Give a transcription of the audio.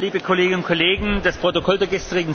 liebe Kolleginnen und Kollegen, das Protokoll der gestrigen